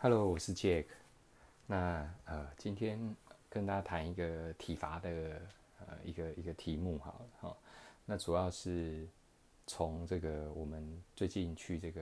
Hello，我是 Jack 那。那呃，今天跟大家談一個體罰的呃一個一個題目好了，好，那主要是從這個我們最近去這個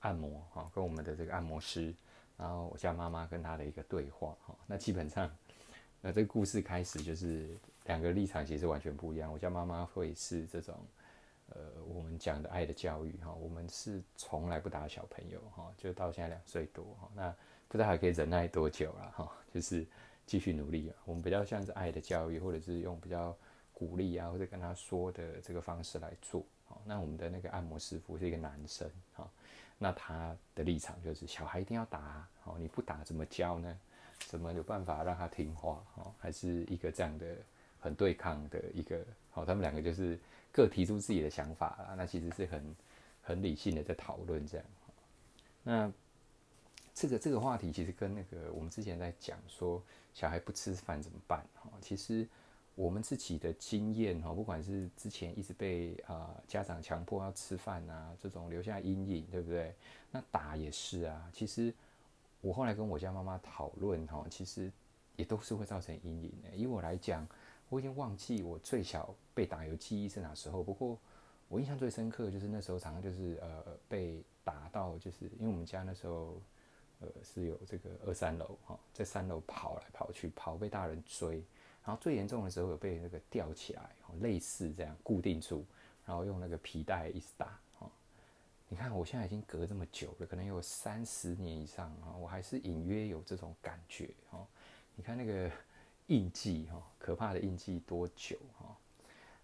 按摩哈，跟我們的這個按摩師，然後我家媽媽跟他的一個對話哈。那基本上，那這個故事開始就是兩個立場其實完全不一樣。我家媽媽會是這種。呃，我們講的愛的教育哈，我們是從來不打小朋友哈，就到現在兩歲多哈，那不知道還可以忍耐多久了哈，就是繼續努力啊。我們比較像是愛的教育，或者是用比較鼓勵啊，或者跟他說的這個方式來做。哈，那我們的那個按摩師傅是一個男生哈，那他的立場就是小孩一定要打，你不打怎麼教呢？怎麼有辦法讓他聽話？哈，還是一個這樣的很對抗的一個。好，他們兩個就是。各提出自己的想法啊，那其實是很很理性的在討論這樣。那這個這個話題其實跟那個我們之前在講說小孩不吃飯怎麼辦哈，其實我們自己的經驗哈，不管是之前一直被啊、呃、家長強迫要吃飯啊，這種留下陰影對不對？那打也是啊，其實我後來跟我家媽媽討論哈，其實也都是會造成陰影的、欸。以我來講。我已經忘記我最小被打有記憶是哪時候，不過我印象最深刻的就是那時候常常就是呃被打到，就是因為我們家那時候呃是有這個二三樓哈，在三樓跑來跑去，跑被大人追，然後最嚴重的時候有被那個吊起來，類似這樣固定住，然後用那個皮帶一直打。你看我現在已經隔這麼久了，可能有三十年以上啊，我還是隱約有這種感覺哈。你看那個印記哈。可怕的印記多久哈、哦？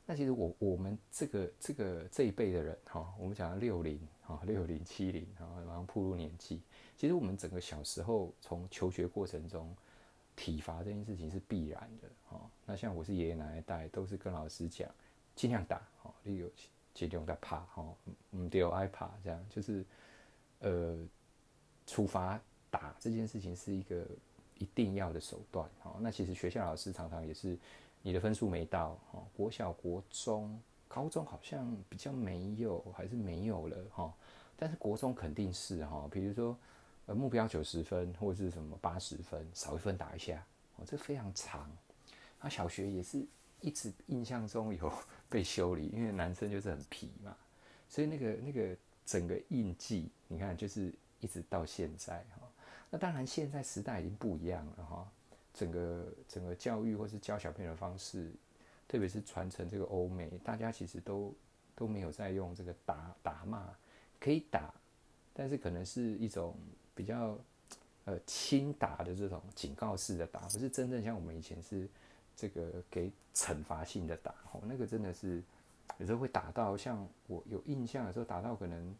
那其實我我們這個這個這一輩的人哈、哦，我們講到六零哈、六零七零啊，然後步入年紀，其實我們整個小時候從求學過程中體罰這件事情是必然的哈、哦。那像我是爺爺奶奶帶，都是跟老師講，儘量打哦，你有儘量的怕哈，你有愛怕這樣，就是呃處罰打這件事情是一個。一定要的手段，好、哦，那其實學校老師常常也是，你的分數沒到，哦，國小、國中、高中好像比較沒有，還是沒有了，哈、哦，但是國中肯定是哈，比如說，呃，目標九十分或是什麼八十分，少一分打一下，哦，這非常長，那小學也是一直印象中有 被修理，因為男生就是很皮嘛，所以那個那個整個印記，你看就是一直到現在，啊，當然，現在時代已經不一樣了哈，整個整個教育或是教小朋友的方式，特別是傳承這個歐美，大家其實都都沒有在用這個打打罵，可以打，但是可能是一種比較呃輕打的這種警告式的打，不是真正像我們以前是這個給懲罰性的打，哦，那個真的是有時候會打到像我有印象的時候打到可能。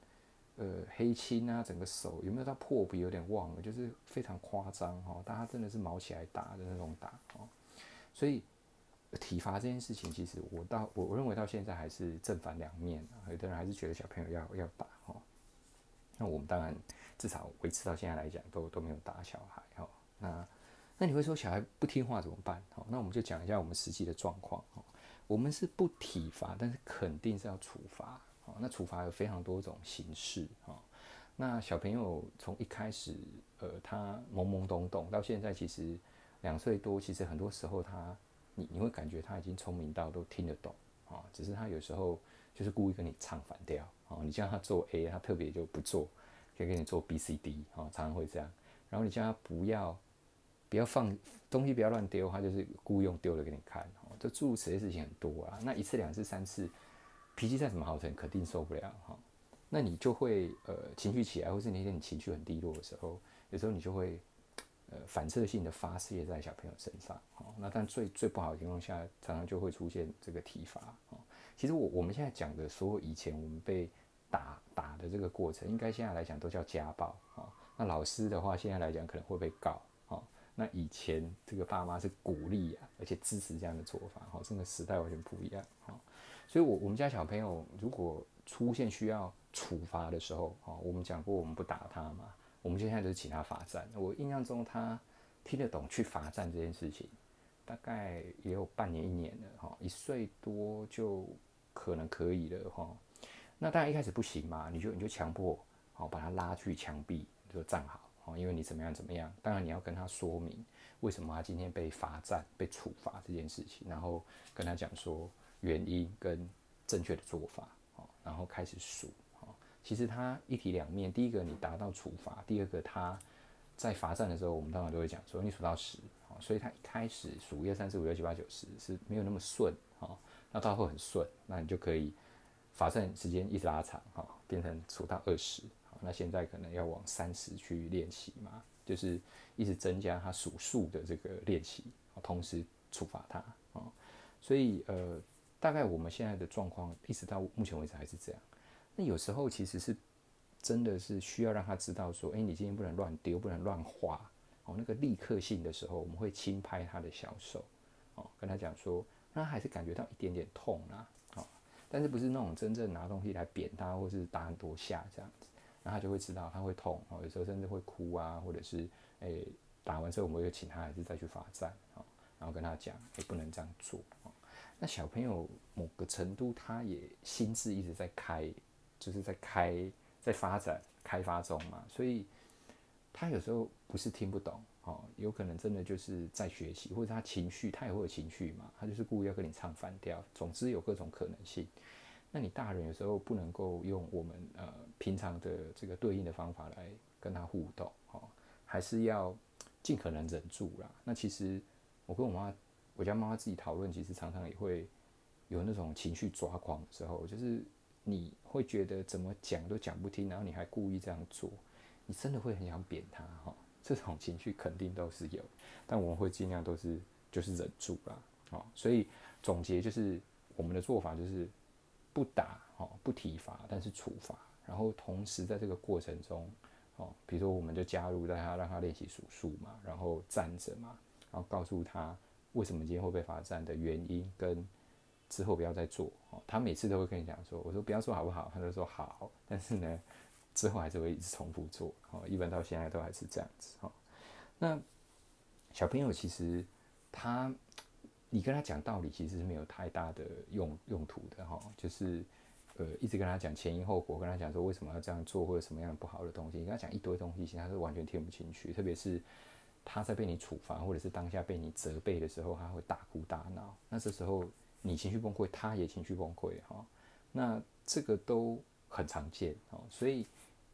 呃，黑青啊，整個手有沒有到破皮？有點忘了，就是非常誇張哈。但他真的是毛起來打的那種打哦。所以體罰這件事情，其實我到我我認為到現在還是正反兩面。有的人還是覺得小朋友要要打哈。那我們當然至少維持到現在來講，都都沒有打小孩哈。那那你會說小孩不聽話怎麼辦？哈，那我們就講一下我們實際的狀況哈。我們是不體罰，但是肯定是要處罰。那處罰有非常多種形式，那小朋友從一開始，呃，他懵懵懂懂，到現在其實兩歲多，其實很多時候他，你你會感覺他已經聰明到都聽得懂啊。只是他有時候就是故意跟你唱反調啊。你叫他做 A，他特別就不做，就跟你做 B、C、D 啊，常常會這樣。然後你叫他不要，不要放東西，不要亂丟，他就是故意用丟了給你看啊。這諸如此類事情很多啊。那一次、兩次、三次。脾氣再怎麼好，肯定肯定受不了哈。那你就會呃情緒起來，或是那天你情緒很低落的時候，有時候你就會呃反射性的發洩在小朋友身上哦。那但最最不好的情況下，常常就會出現這個體罰哦。其實我我們現在講的所有以前我們被打打的這個過程，應該現在來講都叫家暴哦。那老師的話現在來講可能會被告哦。那以前這個爸媽是鼓勵啊，而且支持這樣的做法哦。這個時代完全不一樣哦。所以我，我我們家小朋友如果出現需要處罰的時候，哈、哦，我們講過我們不打他嘛，我們現在就是請他罰站。我印象中他聽得懂去罰站這件事情，大概也有半年一年了，哈、哦，一歲多就可能可以了，哈、哦。那當然一開始不行嘛，你就你就強迫，好、哦，把他拉去牆壁就站好，哦，因為你怎麼樣怎麼樣，當然你要跟他說明為什麼他今天被罰站、被處罰這件事情，然後跟他講說。原因跟正確的做法，然後開始數。其實它一體兩面，第一個你達到處罰，第二個它在罰站的時候，我們通常都會講說你數到十，所以他一開始數一二三四五六七八九十是沒有那麼順，那到後很順，那你就可以罰站時間一直拉長，變成數到二十，那現在可能要往三十去練習嘛，就是一直增加他數數的這個練習啊，同時處罰他啊，所以呃。大概我們現在的狀況，一直到目前為止還是這樣。那有時候其實是真的是需要讓他知道說，誒、欸，你今天不能亂丟，不能亂花。哦，那個立刻性的時候，我們會輕拍他的小手，哦，跟他講說，那他還是感覺到一點點痛啦。哦，但是不是那種真正拿東西來扁他，或是打很多下這樣子，然後他就會知道他會痛。哦，有時候甚至會哭啊，或者是誒、欸，打完之後，我們會請他還是再去罰站，哦，然後跟他講，哎、欸，不能這樣做、哦。那小朋友某個程度，他也心智一直在開，就是在開，在發展開發中嘛，所以他有時候不是聽不懂哦，有可能真的就是在學習，或者他情緒，他也會有情緒嘛，他就是故意要跟你唱反調，總之有各種可能性。那你大人有時候不能夠用我們呃平常的這個對應的方法來跟他互動哦，還是要盡可能忍住啦。那其實我跟我媽媽。我家媽媽自己討論，其實常常也會有那種情緒抓狂的時候，就是你會覺得怎麼講都講不聽，然後你還故意這樣做，你真的會很想扁她哈。這種情緒肯定都是有，但我們會盡量都是就是忍住啦，哦，所以總結就是我們的做法就是不打，哦，不體罰，但是處罰，然後同時在這個過程中，哦，比如說我們就加入大家讓他練習數數嘛，然後站着嘛，然後告訴他。為什麼今天會被罰站的原因，跟之後不要再做。哦，他每次都會跟你講說：“我說不要做好不好？”他都說好。但是呢，之後還是會一直重複做。哦，一般到現在都還是這樣子。哦，那小朋友其實他，你跟他講道理其實是沒有太大的用用途的。哈，哦，就是呃，一直跟他講前因後果，跟他講說為什麼要這樣做，或者什麼樣不好的東西，你跟他講一堆東西，其實他是完全聽不進去，特別是。他在被你處罰，或者是當下被你責備的時候，他會大哭大鬧。那這時候你情緒崩潰，他也情緒崩潰哈。那這個都很常見。所以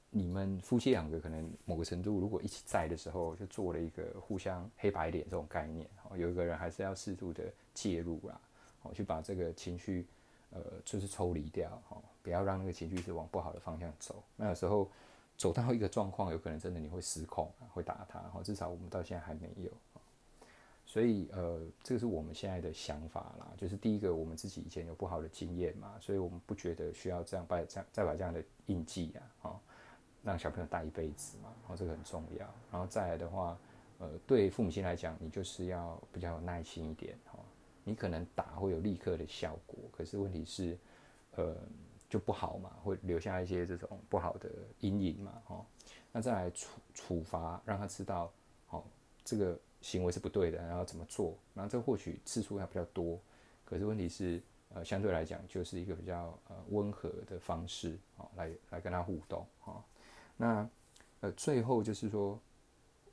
你們夫妻兩個可能某個程度，如果一起在的時候，就做了一個互相黑白臉這種概念。有一個人還是要適度的介入啦，哦，去把這個情緒，呃，就是抽離掉哈，不要讓那個情緒是往不好的方向走。那有時候。走到一個狀況，有可能真的你會失控，會打他。至少我們到現在還沒有，所以呃，這個是我們現在的想法啦。就是第一個，我們自己以前有不好的經驗嘛，所以我們不覺得需要這樣把這樣再把這樣的印記啊，讓小朋友帶一輩子嘛。然後這個很重要。然後再來的話，呃，對父母親來講，你就是要比較有耐心一點。你可能打會有立刻的效果，可是問題是，呃。就不好嘛，會留下一些這種不好的陰影嘛，哦，那再來處處罰，讓他知道，哦，這個行為是不對的，然後怎麼做，然後這或許次數還比較多，可是問題是，呃，相對來講就是一個比較呃溫和的方式，哦，來來跟他互動，哦，那呃最後就是說，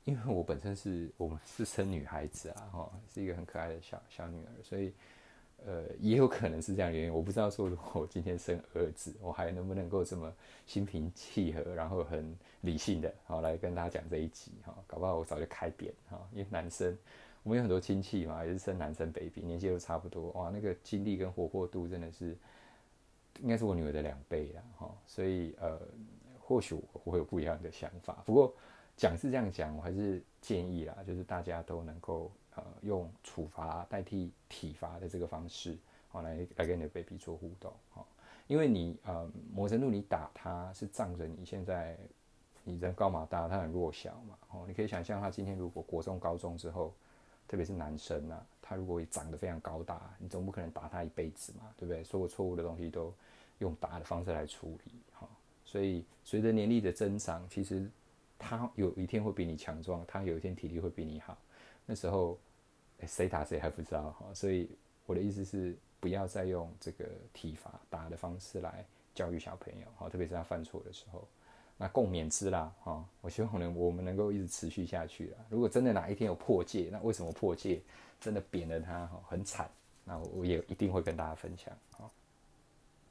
因為我本身是我們是生女孩子啊，哦，是一個很可愛的小小女兒，所以。呃，也有可能是這樣的原因，我不知道說，如果我今天生兒子，我還能不能夠這麼心平氣和，然後很理性的，好、哦、來跟大家講這一集哈、哦？搞不好我早就開扁哈、哦，因為男生，我們有很多親戚嘛，也是生男生 baby，年紀都差不多，哇，那個精力跟活潑度真的是，應該是我女兒的兩倍哈、哦，所以呃，或許我,我會有不一樣的想法，不過。講是這樣講，我還是建議啦，就是大家都能夠呃用處罰代替體罰的這個方式，哦來來跟你的 baby 做互動，哦、因為你呃魔神兔你打他是仗着你現在你人高馬大，他很弱小嘛，哦，你可以想象他今天如果國中、高中之後，特別是男生吶、啊，他如果長得非常高大，你總不可能打他一輩子嘛，對不對？所有錯誤的東西都用打的方式來處理，哦、所以隨着年齡的增長，其實。他有一天會比你強壯，他有一天體力會比你好，那時候誰打誰還不知道哈、哦。所以我的意思是，不要再用這個體罰打的方式來教育小朋友哈、哦，特別是他犯錯的時候，那共勉之啦哈、哦。我希望我能我們能夠一直持續下去啊。如果真的哪一天有破戒，那為什麼破戒真的扁了他哈、哦、很慘，那我也一定會跟大家分享、哦